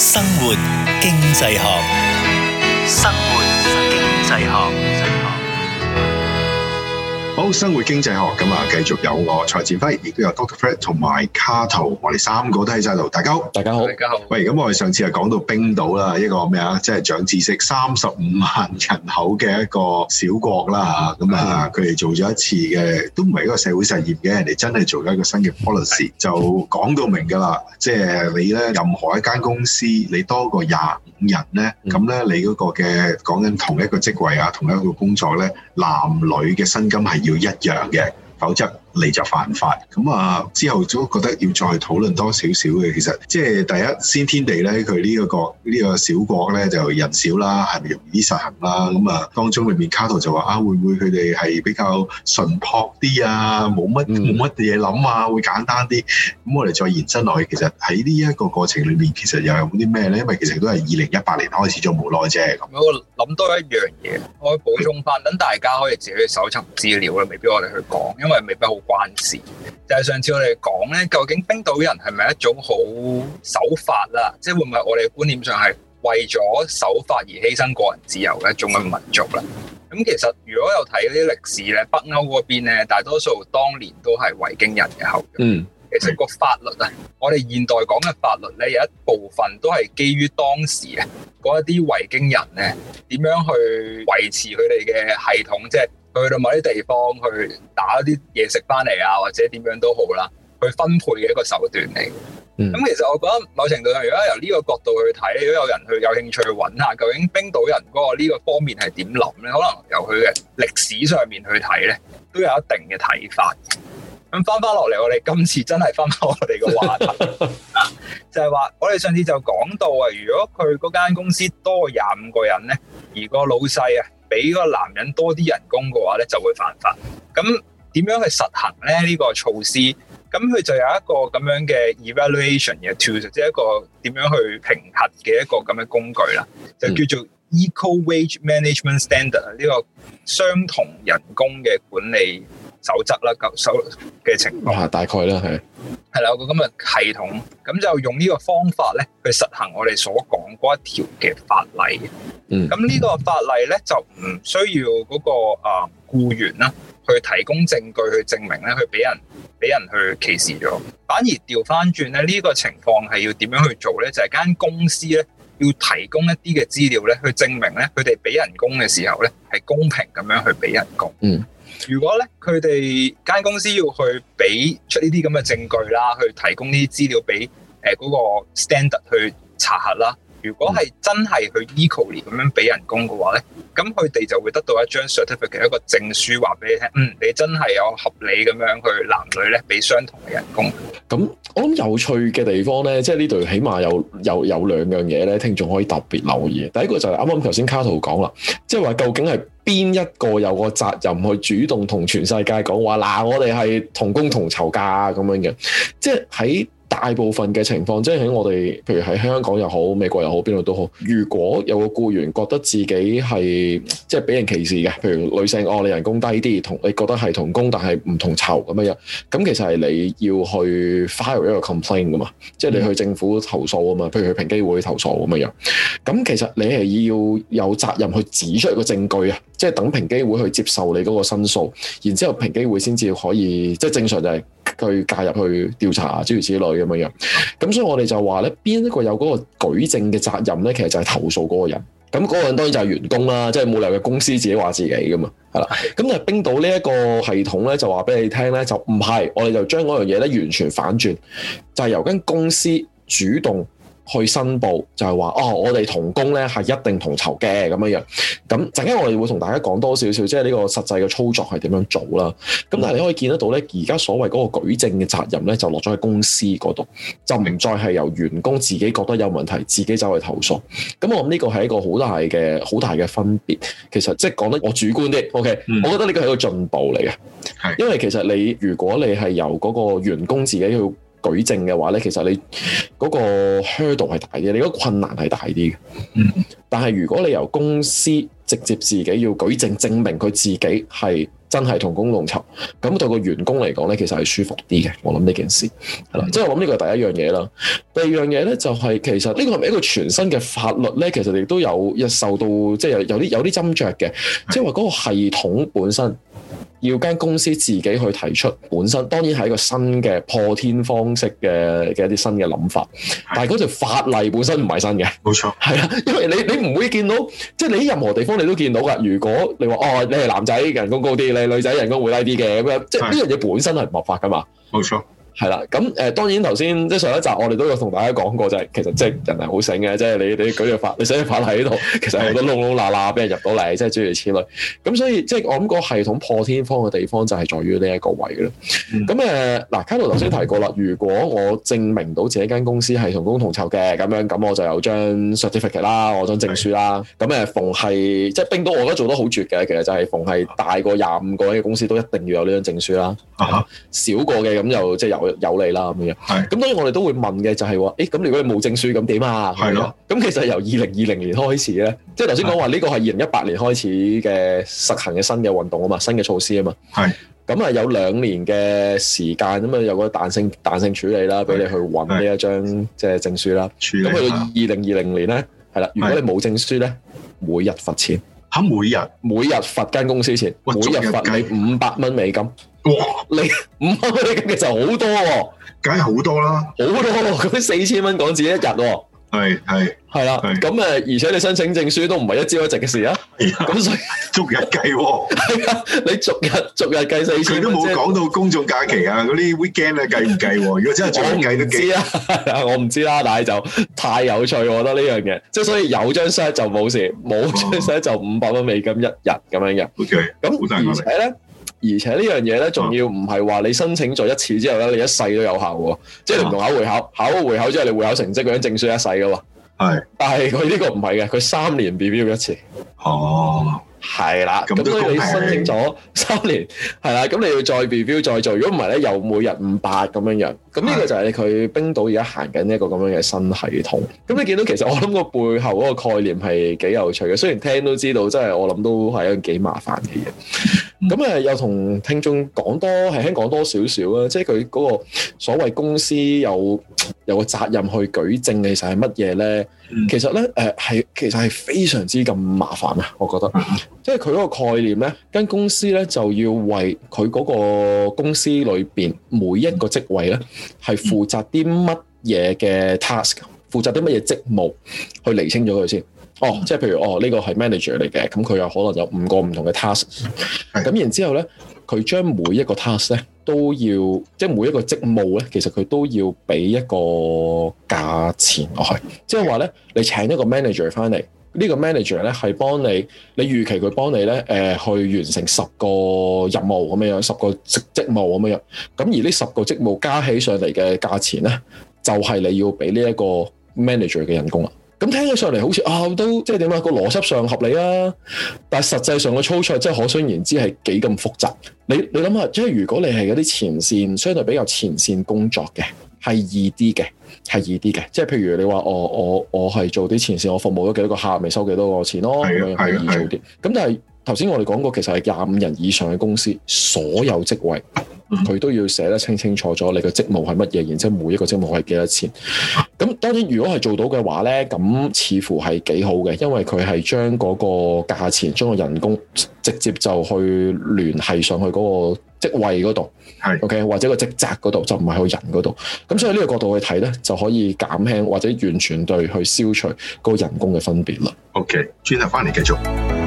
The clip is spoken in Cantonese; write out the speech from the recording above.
生活經濟學，生活經濟學。生活經濟學咁啊，繼續有我蔡志輝，亦都有 Doctor Fred 同埋卡圖，我哋三個都喺晒度，大家好，大家好，大家好。喂，咁我哋上次係講到冰島啦，一個咩啊，即係長知識三十五萬人口嘅一個小國啦，咁啊，嗯，嗯，佢哋做咗一次嘅，都唔係一個社會實驗嘅，人哋真係做咗一個新嘅 policy，嗯，就講到明㗎啦，即係你咧，任何一間公司，你多過廿五人咧，咁咧，嗯，你嗰個嘅講緊同一個職位啊，同一個工作咧，男女嘅薪金係要。一樣嘅，否則嚟就犯法，咁啊之後都覺得要再討論多少少嘅，其實即係第一先天地咧，佢呢個國呢個小國咧就人少啦，係咪容易啲實行啦？咁、嗯、啊當中裏面卡頭就話啊，會唔會佢哋係比較淳樸啲啊？冇乜冇乜嘢諗啊，會簡單啲？咁我哋再延伸落去，其實喺呢一個過程裏面，其實又有啲咩咧？因為其實都係二零一八年開始做冇耐啫。咁、嗯、我諗多一樣嘢、嗯，我補充翻，等大家可以自己去搜集資料啦，未必我哋去講，因為未必好。關事，就係、是、上次我哋講咧，究竟冰島人係咪一種好守法啦？即係會唔會我哋觀念上係為咗守法而犧牲個人自由嘅一種嘅民族咧？咁其實如果有睇啲歷史咧，北歐嗰邊咧，大多數當年都係維京人嘅後裔。嗯，其實個法律啊，我哋現代講嘅法律咧，有一部分都係基於當時嘅嗰一啲維京人咧，點樣去維持佢哋嘅系統，即係。去到某啲地方去打啲嘢食翻嚟啊，或者點樣都好啦，去分配嘅一個手段嚟。咁、嗯、其實我覺得某程度上，如果由呢個角度去睇，如果有人去有興趣去揾下究竟冰島人嗰個呢個方面係點諗咧，可能由佢嘅歷史上面去睇咧，都有一定嘅睇法。咁翻翻落嚟，我哋今次真係翻返我哋個話題啊， 就係話我哋上次就講到啊，如果佢嗰間公司多廿五個人咧，而個老細啊～俾個男人多啲人工嘅話咧，就會犯法。咁點樣去實行咧？呢個措施，咁佢就有一個咁樣嘅 evaluation 嘅 tools 即係一個點樣去評核嘅一個咁嘅工具啦，就叫做 equal wage management standard。呢個相同人工嘅管理。守則啦，夠守嘅情況下，大概啦，係。係啦，我今日系統咁就用呢個方法咧，去實行我哋所講嗰一條嘅法例。嗯。咁呢個法例咧、嗯，就唔需要嗰、嗰個誒僱員啦，去提供證據去證明咧，去俾人俾人去歧視咗。反而調翻轉咧，呢、呢個情況係要點樣去做咧？就係、係、間公司咧，要提供一啲嘅資料咧，去證明咧，佢哋俾人工嘅時候咧，係公平咁樣去俾人工。嗯。如果咧，佢哋間公司要去俾出呢啲咁嘅證據啦，去提供呢啲資料俾誒嗰個 standard 去查核啦。如果係真係去 equally 咁樣俾人工嘅話咧，咁佢哋就會得到一張 certificate 一個證書，話俾你聽，嗯，你真係有合理咁樣去男女咧俾相同嘅人工。咁我諗有趣嘅地方咧，即係呢度起碼有有有兩樣嘢咧，聽眾可以特別留意。第一個就係啱啱頭先卡圖講啦，即係話究竟係。邊一個有個責任去主動同全世界講話？嗱、啊，我哋係同工同酬㗎咁樣嘅，即係喺。大部分嘅情況，即係喺我哋，譬如喺香港又好，美國又好，邊度都好。如果有個僱員覺得自己係即係俾人歧視嘅，譬如女性，哦你人工低啲，同你覺得係同工但係唔同酬咁嘅樣，咁其實係你要去 file 一個 complaint 噶嘛，即係你去政府投訴啊嘛，譬如去平機會去投訴咁嘅樣。咁其實你係要有責任去指出一個證據啊，即係等平機會去接受你嗰個申訴，然之後平機會先至可以，即係正常就係、是。去介入去調查諸如此類咁樣樣，咁所以我哋就話咧，邊一個有嗰個舉證嘅責任咧？其實就係投訴嗰個人，咁嗰個人當然就係員工啦，即係冇理由嘅公司自己話自己噶嘛，係啦。咁但係冰島呢一個系統咧，就話俾你聽咧，就唔係，我哋就將嗰樣嘢咧完全反轉，就係、係、由間公司主動。去申報就係、是、話，哦，我哋同工咧係一定同酬嘅咁樣樣。咁陣間我哋會同大家講多少少，即係呢個實際嘅操作係點樣做啦。咁、嗯、但係你可以見得到咧，而家所謂嗰個舉證嘅責任咧，就落咗喺公司嗰度，就唔再係由員工自己覺得有問題，自己走去投訴。咁我諗呢個係一個好大嘅好大嘅分別。其實即係講得我主觀啲，OK，、嗯、我覺得呢個係一個進步嚟嘅、嗯，因為其實你如果你係由嗰個員工自己去。舉證嘅話咧，其實你嗰個 hard 度係大嘅，你嗰個困難係大啲嘅。嗯，但係如果你由公司直接自己要舉證證明佢自己係真係同工同酬，咁對個員工嚟講咧，其實係舒服啲嘅。我諗呢件事係啦、嗯，即係我諗呢個第一樣嘢啦。第二樣嘢咧就係、是、其實呢個係咪一個全新嘅法律咧？其實亦都有受到即係有啲有啲斟酌嘅、嗯，即係話嗰個系統本身。要間公司自己去提出本身，當然係一個新嘅破天方式嘅、嘅一啲新嘅諗法，但係嗰條法例本身唔係新嘅。冇錯，係啦，因為你你唔會見到，即係你任何地方你都見到噶。如果你話哦，你係男仔人工高啲，你女仔人工會低啲嘅咁樣，即係呢樣嘢本身係唔合法噶嘛，冇錯。係啦，咁誒、呃、當然頭先即係上一集我哋都有同大家講過就係、是、其實即係人係好醒嘅，即、就、係、是、你你舉住塊你寫住塊喺度，其實好多窿窿罅罅俾人入到嚟，即係諸如此類。咁所以即係我諗個系統破天荒嘅地方就係在於呢一個位嘅啦。咁誒嗱，卡洛頭先提過啦，如果我證明到自己間公司係同工同酬嘅咁樣，咁我就有張 certificate 啦，我張證書啦。咁誒逢係即係冰島，我覺得做得好絕嘅，其實就係逢係大過廿五個人嘅公司都一定要有呢張證書啦。少、啊、過嘅咁就即係有。有利啦咁嘅樣，咁當然我哋都會問嘅就係、係、話，誒咁如果你冇證書咁點啊？係咯，咁其實由二零二零年開始咧，即係頭先講話呢個係二零一八年開始嘅實行嘅新嘅運動啊嘛，新嘅措施啊嘛。係，咁啊有兩年嘅時間咁啊有個彈性彈性處理啦，俾你去揾呢一張即係證書啦。咁去到二零二零年咧，係啦，如果你冇證書咧、係，每日罰錢。每日每日罰間公司錢，每日罰你五百蚊美金。哇，你五百蚊嘅就好多、啊，喎，梗係好多啦，好多喎、啊。佢四千蚊港紙一日。喎。係係係啦，咁誒、啊啊啊嗯，而且你申請證書都唔係一朝一夕嘅事啊，咁、啊、所以逐日計，係、哦、 啊，你逐日逐日計四千，佢都冇講到公眾假期啊，嗰 啲 weekend 啊計唔計？如果真係想計都幾啊，我唔知啦、啊，但係就 太有趣，我覺得呢樣嘢，即係所以有張 set 就冇沒事有、哦，冇張 set 就五百蚊美金一日咁樣嘅。OK，咁而且咧。而且呢樣嘢咧，仲要唔係話你申請咗一次之後咧，你一世都有效喎。即係你唔同考會考，考個會考之後，你會考成績嗰樣證書一世噶喎。係，但係佢呢個唔係嘅，佢三年 review 一次。哦，係啦，咁所以你申請咗三年，係啦，咁你要再 review 再做，如果唔係咧，又每日五百咁樣樣。咁呢個就係佢冰島而家行緊一個咁樣嘅新系統。咁你見到其實我諗個背後嗰個概念係幾有趣嘅，雖然聽都知道，真係我諗都係一件幾麻煩嘅嘢。咁、嗯、啊，那又同聽眾講多，係聽講多少少啦，即係佢嗰個所謂公司有。有個責任去舉證其實是什麼呢、嗯，其實係乜嘢咧？其實咧，誒係其實係非常之咁麻煩啊！我覺得，嗯、即係佢嗰個概念咧，間、嗯、公司咧就要為佢嗰個公司裏邊每一個職位咧，係、嗯、負責啲乜嘢嘅 task，負責啲乜嘢職務，去釐清咗佢先。哦，即係譬如哦，呢個係 manager 嚟嘅，咁佢有可能有五個唔同嘅 task，咁然之後咧，佢將每一個 task 咧都要，即係每一個職務咧，其實佢都要俾一個價錢落去，哦，即係話咧，你請一個 manager 翻嚟，呢個 manager 咧係幫你，你預期佢幫你咧，呃，去完成十個任務咁樣，十個職職務咁樣，咁而呢十個職務加起上嚟嘅價錢咧，就係你要俾呢一個 manager 嘅人工啦。咁聽起上嚟好似啊，都即係點啊，個邏輯上合理啊，但係實際上個操作即係可想而知係幾咁複雜。你你諗下，即係如果你係嗰啲前線，相對比較前線工作嘅，係易啲嘅，係易啲嘅。即係譬如你話我我我係做啲前線，我服務咗幾多個客戶，咪收幾多個錢咯，係啊係啊係啊，咁就係頭先我哋講過，其實係廿五人以上嘅公司，所有職位佢都要寫得清清楚楚，你個職務係乜嘢，然之後每一個職務係幾多錢。咁當然，如果係做到嘅話呢，咁似乎係幾好嘅，因為佢係將嗰個價錢、將個人工直接就去聯繫上去嗰個職位嗰度，OK，或者個職責嗰度，就唔係去人嗰度。咁所以呢個角度去睇呢，就可以減輕或者完全對去消除嗰個人工嘅分別啦。OK，轉頭翻嚟繼續。